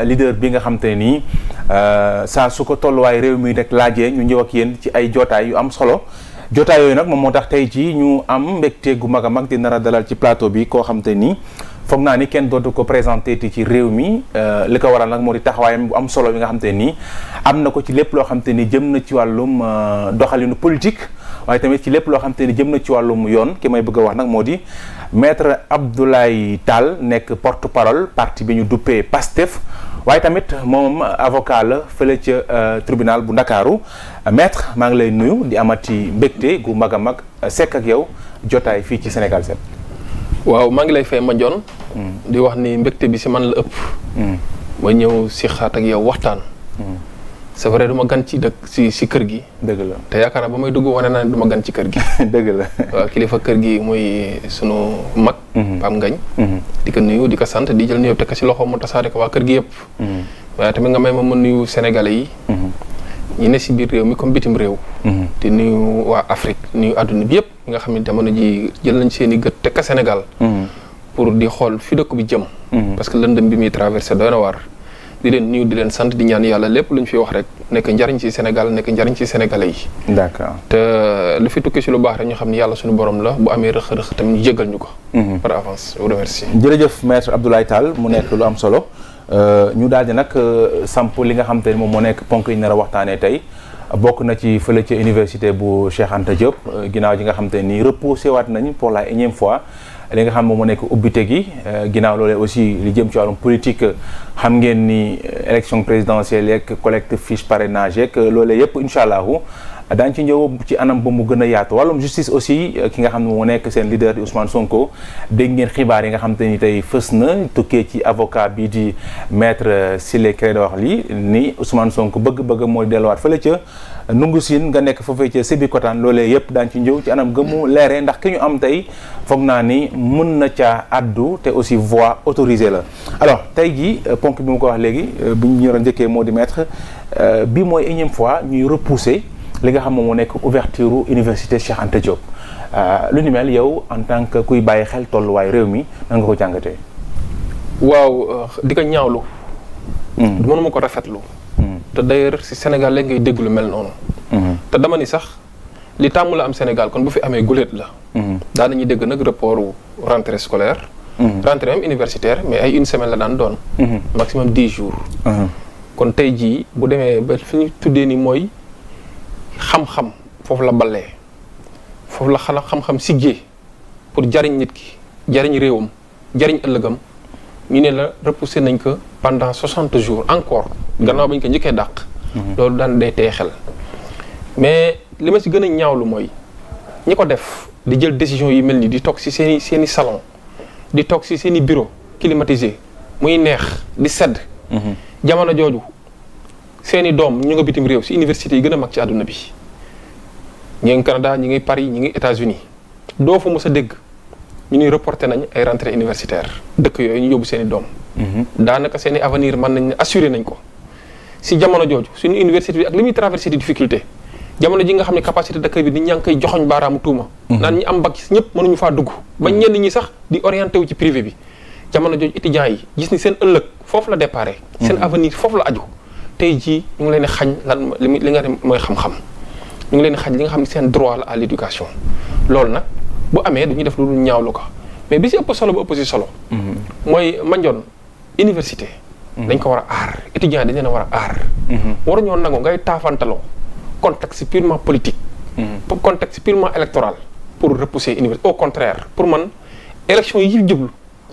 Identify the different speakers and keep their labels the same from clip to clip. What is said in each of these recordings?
Speaker 1: leader bi nga xam ne nii euh, saa su ko tolluwaay réew mi rek laajee ñu ñëw ak yéen ci ay jootaay yu am solo jotaay yooyu nag moom moo tax tey ci ñu am mbégte gu mag a mag di nar dalal ci plateau bi koo xam nii foog naa ni kenn dootu ko présenté ti ci réew mi euh, li ko waral nag moo di taxawaayam bu am solo bi nga xam te nii am na ko ci lépp loo xam te ni jëm na ci wàllum euh, doxalinu politique waaye tamit ci lépp loo xam te ni jëm na ci wàllum yoon ki may bëgg a wax nag moo di maître Abdoulaye Tall nekk porte-parole parti bi ñu duppee PASTEF waaye tamit moom avocat la fële ca euh, tribunal bu Ndakaaru maître maa ngi lay nuyu di amati mbegte gu mag a mag euh, sekk ak yow jotaay fii ci Sénégal 7.
Speaker 2: waaw maa ngi lay fay ma joon mm. di wax ni mbegte bi si man la ëpp. Mm. ma ñëw si xaat ak yow waxtaan. Mm. c'est vrai du gan ci dëkk si kër gi. dëgg la te yaakaar naa ba may dugg wane naa ne du ma gan ci kër gi. dëgg la waaw kilifa kër gi mooy sunu mag. Mhm. Pape Ngañ. Mhm. di ko nuyu di ko sant di jël nuyu teg ko si loxo mu tasaare ko waa kër gi yëpp. Mhm. waaye tamit nga may ma ma nuyu sénégalais yi. ñu ne si biir réew mi comme bitim réew. di nuyu waa Afrique nuyu àdduna bi yëpp nga xam ne jamono ji jël nañ seen i gët teg ko Sénégal. pour di xool fi dëkk bi jëm. parce que lëndëm bi muy traversé waar. di leen nuyu di leen sant di ñaan yàlla lépp lu ñu fi wax rek nekk njariñ ci Sénégal nekk njariñ ci sénégalais yi. d'accord te euh, lu fi tukki si lu baax rek ñu xam ne yàlla suñu borom la bu amee rëq-rëq tam ñu jégal ñu ko. Mhm. par avance je vous remercie. jërëjëf maître mu nekk lu am solo euh, ñu
Speaker 1: daal di nag euh, samp li nga xam te ne moom moo nekk ponk yi ñu a waxtaanee tey. bokk na ci fële ci université bu Cheikh Anta ginnaaw ji nga xam te ni reposé waat nañ pour la énième fois li nga xam moom moo nekk ubbite gi euh, ginnaaw loolee aussi li jëm ci wàllum politique xam ngeen ni euh, élection présidentielle yeeg collecte fiche parrainage yeeg euh, loole yëpp incha allahu daañu ci ñëw ci anam ba mu gën a yaatu wàllum justice aussi euh, ki nga xam ne moo nekk seen leader di Ousmane Sonko dégg ngeen xibaar yi nga xam te ni tey fës na tukkee ci avocat bii di maître Ciré Clédor li ni Ousmane Sonko bëgg-bëgg mooy delluwaat fële ca nungu siin nga nekk foofee ca Sébikotane loolee yëpp daañu ci ñëw ci anam mu leeree ndax ki ñu am tey foog naa ni mën na caa addu te aussi voix autorisé la alors tey jii euh, ponk bi mu ko wax léegi euh, bu ñu ñoroon njëkkee moo di bi mooy énième fois ñuy repousser li nga xam moom moo nekk ouverture université Cheikh Anta Diop euh, lu ni mel yow en tant que kuy bàyyi xel tolluwaay réew mi nan nga ko jàngatee. waaw euh, di ko ñaawlu. mënuma
Speaker 2: hmm. ko rafetlu. Hmm. te d'ailleurs si Sénégal léegi ngay dégg lu mel noonu. Hmm. te dama ni sax li tàmm la am Sénégal kon bu fi amee guléet la. daan nañuy dégg nag report wu rentrée scolaire. rentrée même universitaire mais ay une semaine la daan doon. maximum dix jours. kon tey ji bu demee ba fi ñu tuddee ni mooy. xam-xam foofu la ballee foofu la xala xam-xam siggee pour jariñ nit ki jariñ réewam jariñ ëllëgam ñu ne la repoussé nañ ko pendant soixante jours encore gannaaw bañ ko njëkkee dàq mhm. loolu daan day tey xel mais li ma si gën a ñaawlu mooy ñi ko def di jël décision yi mel ni di toog si seeni seeni salon di toog si seeni bureau climatisé muy neex di sedd mhm. jamono jooju seeni doom ñu nga bitim réew si université yi gën a mag ci àdduna bi ñi ngi Canada ñi ngi Paris ñi ngi États-Unis doo fu mës a dégg ñu ni reporté nañ ay rentrée universitaire dëkk yooyu ñu yóbbu seeni doom mhm. daanaka seeni avenir mën nañ assurer nañ ko si jamono jooju suñu université bi ak li muy traversé di difficulté jamono ji nga xam ne capacité d'accueil bi di ñaa ngi koy joxoñ baaraamu tuuma mhm. naan ñi am bac ñëpp mënuñu faa dugg ba mhm. ñenn ñi sax di orienté wu ci privé bi jamono jooju étudiants yi gis ni seen ëllëg foofu la déparé seen avenir foofu la aju tey jii ñu ngi leen di xañ li nga xam mooy xam-xam ñu ngi leen di xañ li nga xam ne seen droit la à l' éducation loolu nag bu amee du ñu def lu dul ñaawlu ko mais bi si ëpp solo bu ëpp si solo. Mhm. mooy Mandione université. Mhm. dañ ko war a aar étudiant dañ leen a war a aar. Mhm. waruñoo nangu ngay taafantaloo contexte purement politique. contexte purement électoral pour repousser université au contraire pour man élection yi jublu.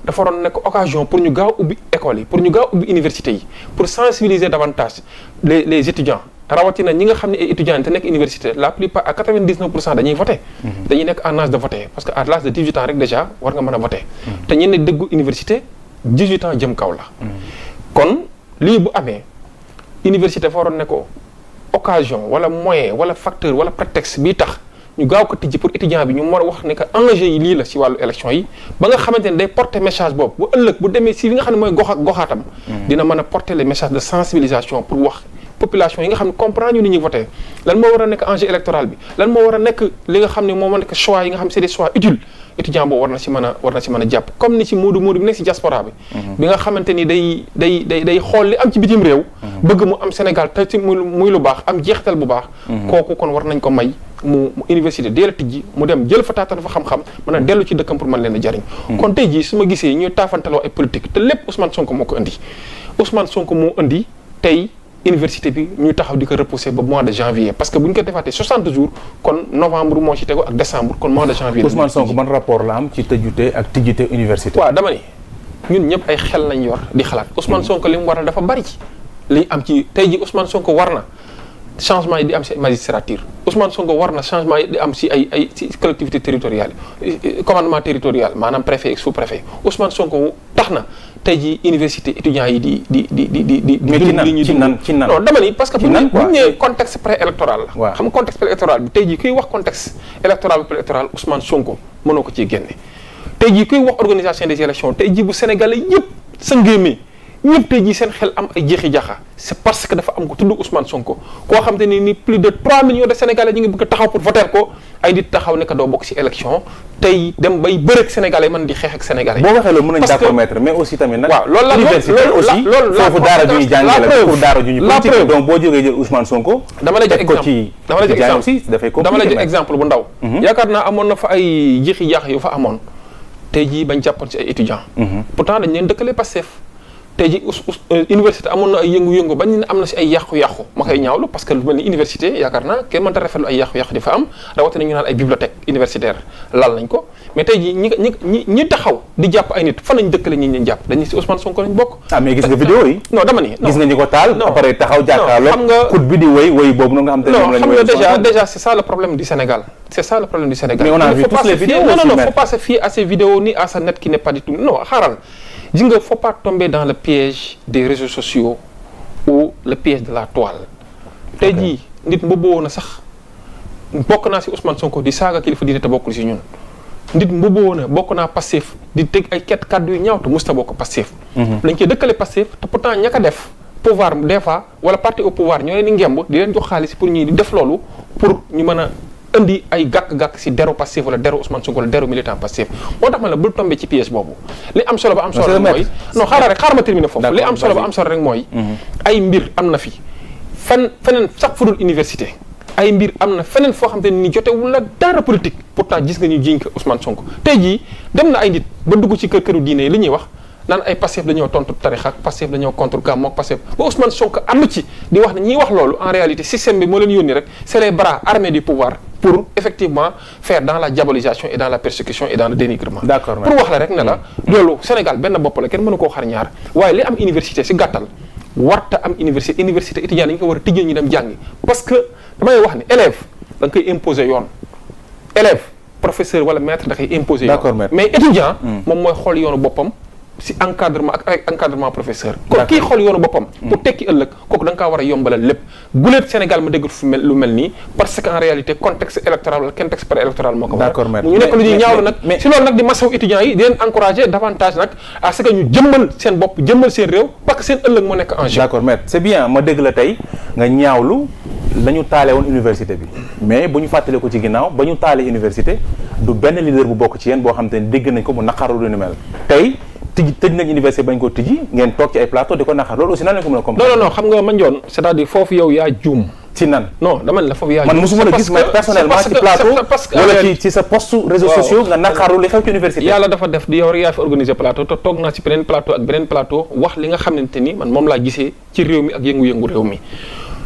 Speaker 2: dafa waroon nekk occasion pour ñu gaaw ubbi école yi pour ñu gaaw ubbi université yi pour sensibiliser davantage les étudiants rawatina ñi nga xam ne ay étudiants te nekk université la plupart à 99 pour cent dañuy voté. Mhm. dañuy nekk en âge de voter parce que à l'âge de 18 ans rek déjà war nga mën a voter mhm. te ñenn dëggu université 18 ans jëm kaw la. Mhm. kon lii bu amee université fa waroon ne ko occasion wala moyen wala facteur wala prétexte bii tax. ñu gaaw ko tijji pour étudiant bi ñu mën a wax ne que enjeu yi lii la si wàllu élection yi ba nga xamante ne day porter message boobu bu ëllëg bu demee si li nga xam ne mooy gox ak goxaatam mm. dina mën a porter les messages de sensibilisation pour wax population yi nga xam ne comprendre ñu ni ñuy voté lan moo war a nekk enjeu électoral bi lan moo war a nekk li nga xam ne moo ma nekk choix yi nga xam ne c'est des choix utiles étudiant boobu war na si mën a war na si mën a jàpp comme ni si moodu moodu bi nekk si diaspora bi mm-hmm. bi nga xamante ni day day day day xool li am ci bitim réew mm-hmm. bëgg mu am Sénégal te ci muy lu baax am jeextal bu baax mm-hmm. kooku kon war nañ ko may mu université dee la tijji mu dem jël fa taatan fa xam-xam mën a dellu ci dëkkam pour mën leen a jariñ hmm. kon tey jii su ma gisee ñuy taafantaloo ay politique te lépp Ousmane Sonko moo ko indi moo indi tey université bi ñu taxaw di ko repousser ba mois de janvier parce que bu ñu ko defaatee 60 jours kon novembre moo ci tegu ak décembre kon mois de janvier. Ousmane Sonko ban rapport la am ci tëjute ak tijjite université. waaw dama ni ñun ñëpp ay xel lañ yor di xalaat Ousmane hmm. Sonko li mu war na dafa am ci tey ji Ousmane Sonko war na. changement yi di am si magistrature Ousmane Sonko war na changement yi di am si ay ay si collectivité territoriale commandement territorial maanaam préfet sous préfet Ousmane Sonko tax na tey jii université étudiants yi di di di di di di. mais nan ci nan parce que. ci nan quoi bu ñu nee contexte préélectoral la. xam contexte préélectoral bi tey jii kuy wax contexte électoral préélectoral Ousmane Sonko mënoo ko ciy génne. tey jii kuy wax organisation des élections tey jii bu Sénégalais yëpp sëngéemee. ñëpp tey seen xel am ay jeexi jaxa c' parce que dafa am ko tudd Ousmane Sonko koo xam ne ni plus de 3 millions de sénégalais ñu ngi bëgg a taxaw pour voter ko ay nit taxaw ne doo bokk ci élection tey dem bay bëreeg sénégalais man di xeex ak sénégalais. boo waxee loolu mën nañu d'accord maître mais
Speaker 1: aussi tamit. waaw loolu la loolu aussi foofu daara ju ñu exemple bu ndaw.
Speaker 2: Mhm. yaakaar naa amoon na fa ay jeexi jaxa yu fa amoon tey jii bañ jàppoon ci ay étudiants mhm. pourtant dañ leen dëkkale Pastef tey ji euh, université amoon na ay yëngu-yëngu bañ ne am na si ay yàqu-yàqu ma koy ñaawlu parce que lu mel ni université yaakaar naa kenn mënta rafetlu ay yàqu-yàqu di fa am rawatina ñu naan ay bibliothèque universitaire laal nañ ko mais tey ñi ñi taxaw di jàpp ay nit fan lañ dëkkale ñi ñu jàpp dañu si Ousmane Sonko lañ bokk ah mais gis nga vidéo yi non dama ni gis nga ñi ko taal après taxaw jàkkaarloo xam nga kut bi di ni à net qui n'est gis nga faut pas tomber dans le piège des réseaux sociaux ou le piège de la toile. tey jii nit mbubboo na sax bokk naa si Ousmane Sonko di saaga kilifa diine te bokkul si ñun. nit mbubboo na bokk naa passif di teg ay ket kàddu yu ñaaw te musta bokk mhm. dañ koy dëkkale passif te pourtant ña ko def. pouvoir des fois wala parti au pouvoir ñoo leen di ngemb di leen jox xaalis pour ñuy di def loolu pour ñu mën a. indi ay gàkk-gàkk si deru Pastef wala deru Ousmane Sonko wala deru militant Pastef moo tax ma la bul tombé ci pièce boobu li am solo ba am solo rek mooy mhm. ay mbir am na fi fan feneen sax fudul université ay mbir am na feneen foo xam te ni jotewul la dara pour pourtant gis nga ñu jiñ ko Ousmane Sonko tey jii dem na ay nit ba dugg ci kër këru diine yi li ñuy wax naan ay Pastef dañoo tontu tarix ak Pastef dañoo contre Gàmmu ak Pastef ba Ousmane Sonko ànd ci di wax ne ñiy wax loolu en réalité système bi moo leen yónni rek c'est les du pouvoir pour effectivement faire dans la diabolisation et dans la persécution et dans le dénigrement d'accord pour wax la rek ne la loolu Sénégal benn bopp la kenn mënu koo xar ñaar waaye li am université si gàttal warta am université université étudiante yi ñu war a tijjee ñu dem jàngi parce que damay wax ne élève da nga koy imposer yoon élève wala maître da koy imposer mais étudiant hmm. mooy xool yoonu boppam si encadrement ak ay encadrement professeur. kon kii xool yoonu boppam. pour hmm. tekki ëllëg kooku da nga war a yombalal lépp. guleet Sénégal ma dégg fu mel lu mel nii parce que en réalité contexte électoral wala contexte pré électoral moo ko war. d'accord mais mu nekk lu nekk en jeu.
Speaker 1: d'accord maître c'est bien ma dégg la tey nga ñaawlu la ñu taale woon université bi mais bu ñu fàttale ko ci ginnaaw ba ñu taalee université du benn leader bu bokk ci yéen boo xam te ne dégg nañ ko mu naqaru lu ni mel tijji tëj nañ université bañ koo tijji ngeen toog ci ay plateau di ko naxar loolu aussi nan lañ ko mën a
Speaker 2: comprendre. non non non xam nga man Ndione cest foofu yow yaa juum. ci nan non dama ne la foofu yaa juum. man la dafa def di yow rek yaa fi organiser plateau te naa ci beneen plateau ak beneen plateau wax li nga xamante ni man moom laa gisee ci réew mi ak yëngu-yëngu réew mi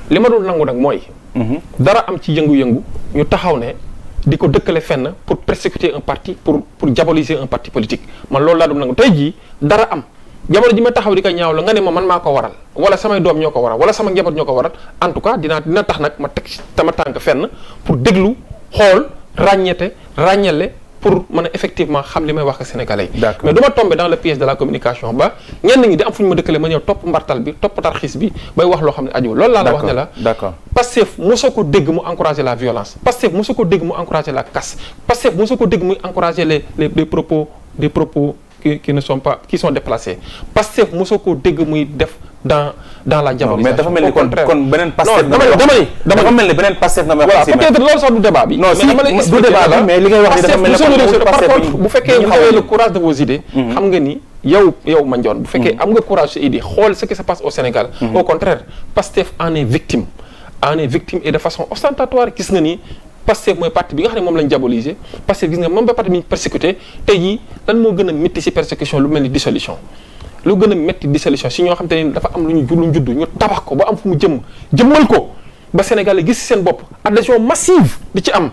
Speaker 2: li ma dul nangu nag mooy. Mhm. dara am ci yëngu-yëngu ñu taxaw ne di ko dëkkale fenn pour persécuter un parti pour pour diaboliser un parti politique man loolu laa dum nangu tey jii dara am jamono ji ma taxaw di ko ñaaw la nga ne ma man maa ko waral wala samay doom ñoo ko waral wala sama njaboot ñoo ko waral en tout cas dinaa dina tax nag ma teg sama tànk fenn pour déglu xool ràññeete ràññale pour mën a effectivement xam li may wax ak sénégalais yi mais du ma tombé dans le piège de la communication ba ñenn ñi di am fu ñu ma dëkkale ma ñëw topp mbartal bi topp tarxis bi bay wax loo xam ne aju loolu laa la wax ne la Pastef mosoo ko dégg mu encourager la violence Pastef mosoo ko dégg mu encourager la casse Pastef mosoo ko dégg muy def dans dans la diabolisation. mais dafa mel ni kon kon beneen Pastef. non dama ni dafa mel ni beneen Pastef na may wax. voilà peut-être loolu sax du débat bi. non si du débat la mais li ngay wax ni dafa mel ni par contre bu fekkee vous avez le courage de vos idées. Mhm. xam nga ni yow yow Mandione. bu fekkee mhm. am nga courage sa idée xool ce qui se passe au Sénégal. Mhm. au contraire Pastef en est victime. en est victime et de façon ostentatoire gis nga ni. Pastef mooy parti bi nga xam ne moom lañ diaboliser Pastef gis nga moom ba parti bi ñu persécuté tey jii lan moo gën a métti ci persécution lu mel ni dissolution lu gën a métti dissolution si ñoo xam ni dafa am lu ñu lu ñu judd ñu tabax ko ba am fu mu jëm jëmmal ko ba Sénégal gis seen bopp adhésion massive di ci am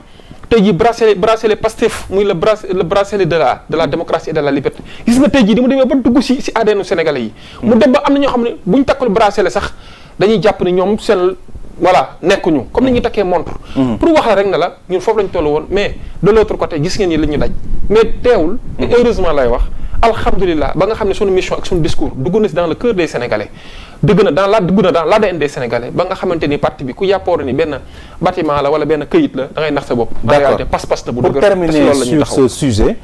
Speaker 2: tey jii bracelet bracelet Pastef muy le bra le bracelet de la de la démocratie et de la liberté gis nga tey jii di mu demee ba dugg si si ADN Sénégalais yi. mu dem ba am na ñoo xam ne bu ñu takkul bracelet sax dañuy jàpp ne ñoom seen voilà nekkuñu comme ni ñuy takkee montre. Mm-hmm. pour wax la rek na la ñun foofu lañ toll woon mais de l' gis ngeen ni li ñu daj mais teewul. Mm-hmm. heureusement lay wax. alhamdulilah ba nga xam ne suñu mission ak suñu discours dugg na si dans le cœur des sénégalais dugg na dans la dugg na dans ba nga xamante ni parti bi ku yàppoor ni benn bâtiment la wala benn këyit la da ngay nax sa bopp en réalité pas-pas bu dëgër pour sujet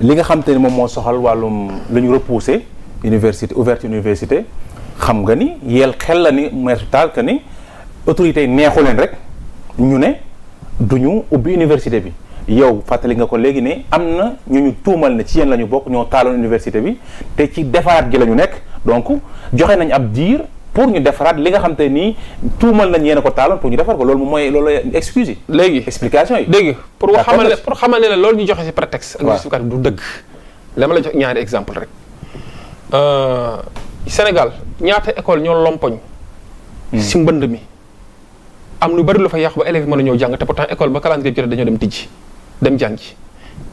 Speaker 1: li nga xam te ni moom moo soxal wàllum la ñu repoussé université ouverte université xam nga ni yel xel la ni maître Tall que ni autorités yi neexu leen rek ñu ne duñu ubbi université bi yow fàttali nga ko léegi ne am na ñu ñu tuumal na ci yéen la ñu bokk ñoo taaloon université bi te ci defaraat gi la ñu nekk donc joxe nañ ab diir pour ñu defaraat li nga xam ne nii tuumal nañ yéen a ko taaloon pour ñu defar ko loolu moom mooy loolu excuse yi. léegi
Speaker 2: explication yi. dégg pour xamal pour xamal ne loolu ñu joxe si prétexte. ak justificatif du dëgg. dama la jox ñaari exemple rek. Euh, Sénégal ñaata école ñoo lompoñ. si hmm. mbënd mi. am lu bari lu fa yàqu ba élèves yi mën a ñëw jàng te pourtant école ba calendrier bi jotee dañoo dem tijji. dem jàngi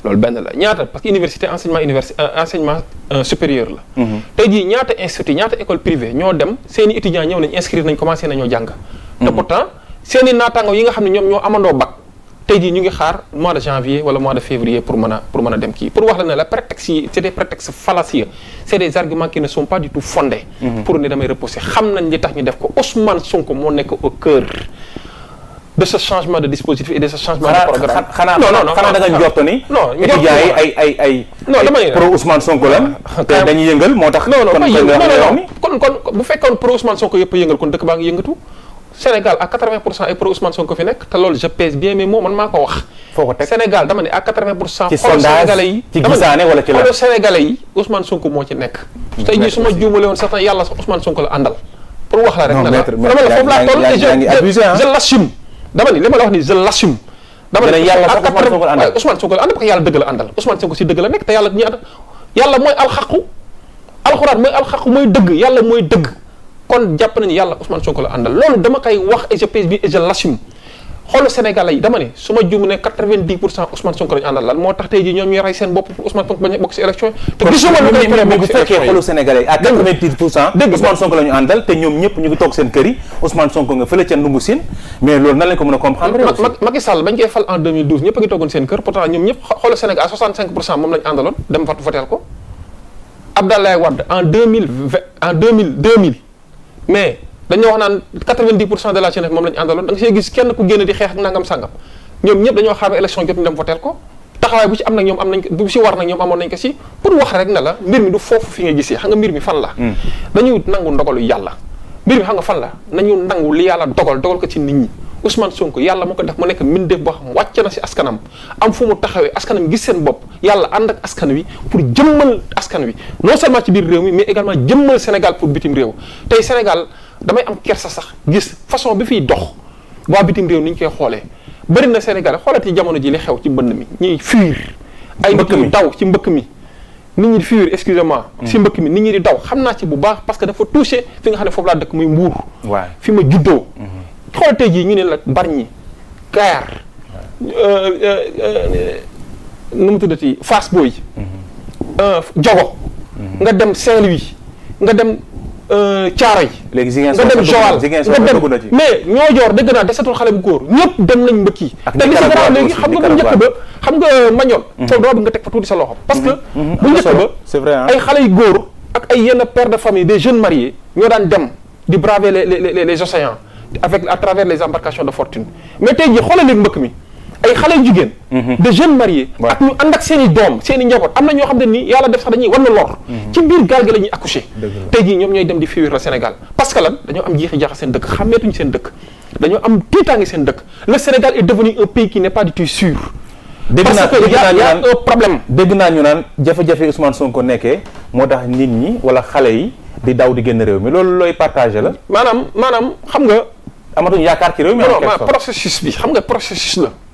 Speaker 2: loolu benn la ñaata parce que université enseignement universi euh, enseignement euh, supérieur la. Mhm. tey jii ñaata institut ñaata école privée ñoo dem seen i étudiants ñëw nañ inscrire nañ commencé nañoo jàng. te mhm. pourtant seen i yi nga xam ne ñoom ñoo amando bac. tey jii ñu ngi xaar mois de janvier wala mois de février pour mën a pour mën a dem kii pour wax la ne la prétexte yi c' est des prétextes fallacieux c' est des qui ne sont pas du tout fondés. Mhm. pour ne damay repousser xam nañ li tax ñu def ko Ousmane Sonko moo de ce changement de dispositif et de ce changement de programme. xanaa non non xanaa da nga njort ni. non étudiants yi ay ay ay. non dama ne pro
Speaker 1: Ousmane Sonko lan. Ah, te dañuy yëngal moo tax. non non
Speaker 2: kon kon bu fekkoon pro Ousmane Sonko yëpp a yëngal kon dëkk baa ngi yëngatu. Sénégal à 80 pour cent ay pro Ousmane Sonko fi nekk te loolu je pèse bien mais moom man maa ko wax. foo ko teg Sénégal dama ne à 80 pour cent. ci sondage ci gisaane wala ci la xoolal Sénégalais yi Ousmane Sonko moo ci nekk. tey jii su ma juumale woon sax yàlla Ousmane Sonko la àndal pour wax la rek. non maître maître yaa ngi abusé ah je l'assume dama ni li la wax ni je l'assume dama ne yàlla Ousmane Sonko la àndal parce que yàlla dëgg la àndal Ousmane Sonko si dëgg la nekk te yàlla ñi àndal yàlla mooy alxaqu alxuraan mooy alxaqu mooy dëgg yàlla mooy dëgg kon jàpp nañu yàlla Ousmane Sonko la àndal loolu dama koy wax e je pèse bi et je xoolu Sénégalais yi dama ne su ma juum ne quatre-vingt-dix pour cent Ousmane Sonko lañu àndal lan moo tax tey jii ñoom ñuy rey seen bopp pour Ousmane Sonko bañ a bokk si élection yi dégg Ousmane
Speaker 1: Sonko la àndal te ñoom ñëpp
Speaker 2: ñu ngi toog seen kër yi Ousmane Sonko nga fële ca Ndungu Sine mais loolu nan lañ ko mën a comprendre Macky Sall bañ koy fal en 2012 ngi toogoon seen kër pourtant ñoom ñëpp xoolu Sénégal 65 pour cent moom lañu àndaloon dem dañoo wax naan 90 pour cent de la jeunesse moom la ñu àndaloon da nga see gis kenn ku génn di am nga fan la dañuy hmm. nangu ndogalu yàlla mbir mi xam nga fan la nañu nangu li yàlla dogal dogal ko ci nit ñi Ousmane Sonko yàlla moo ko def mu nekk mbindeef boo xam wàcc na si askanam am fu mu taxawee askanam gis seen bopp yàlla ànd ak askan wi pour jëmmal askan wi non seulement ci biir réew mi mais également jëmmal Sénégal pour bitim réew tey Sénégal damay am kersa sax gis façon bi fiy dox waa bitim réew ni ñu koy xoolee bëri na Sénégal yi jamono ji li xew ci mbënn mi ñuy fuir ay mbëkk mi daw ci mbëkk mi nit ñi di fuir si mm. mbëkk mi nit ñi di daw xam naa ci bu baax parce que dafa touché fi nga xam ne foofu laa dëkk muy mbuur fi ma juddoo mm-hmm. xool tey jii ñu ne la Bargny Kayar euh, euh, euh, nu mu tuddati Fass Boye mm-hmm. Diogo mm-hmm. nga dem Saint-Louis nga dem Euh, Caaroy léegi Ziguinchor nga dem Joal nga dem mais ñoo joor dëgg naa desetul xale bu góor ñëpp dem nañ mbëkk yi te li si garaaw léegi xam nga bu njëkk ba xam nga mañoon foofu dama bëgg nga teg fa tuuti sa loxo parce que mhm. Mhm. bu njëkk ba c'est vrai ay xale yu góor ak ay yenn pere de famille des jeunes mariés ñoo daan dem di braver les les les océans avec à travers les embarcations de fortune mais tey jii xoolal léegi mbëkk mi ay xale jigéen mm-hmm. de jeunes mariés ak ñu ànd ak seen i doom seen i njaboot am na ñoo xam ne nii yàlla def sax dañuy war na lor mm-hmm. ci biir gaal gi la ñuy accouché tey jii ñoom ñooy dem di fuir la Sénégal parce que lan dañoo am jeexi jaaxa seen dëkk xàmmeetuñ seen dëkk dañoo am tiitaange seen dëkk le Sénégal est devenu un pays qui n'est pas du tout sûr parce que y a y a un problème dégg naa ñu naan jafe-jafe Ousmane
Speaker 1: Sonko nekkee moo tax nit ñi wala xale yi di daw di génn réew mi loolu looy partagé la maanaam maanaam xam nga amatuñ yaakaar ci réew mi non non processus bi xam nga processus la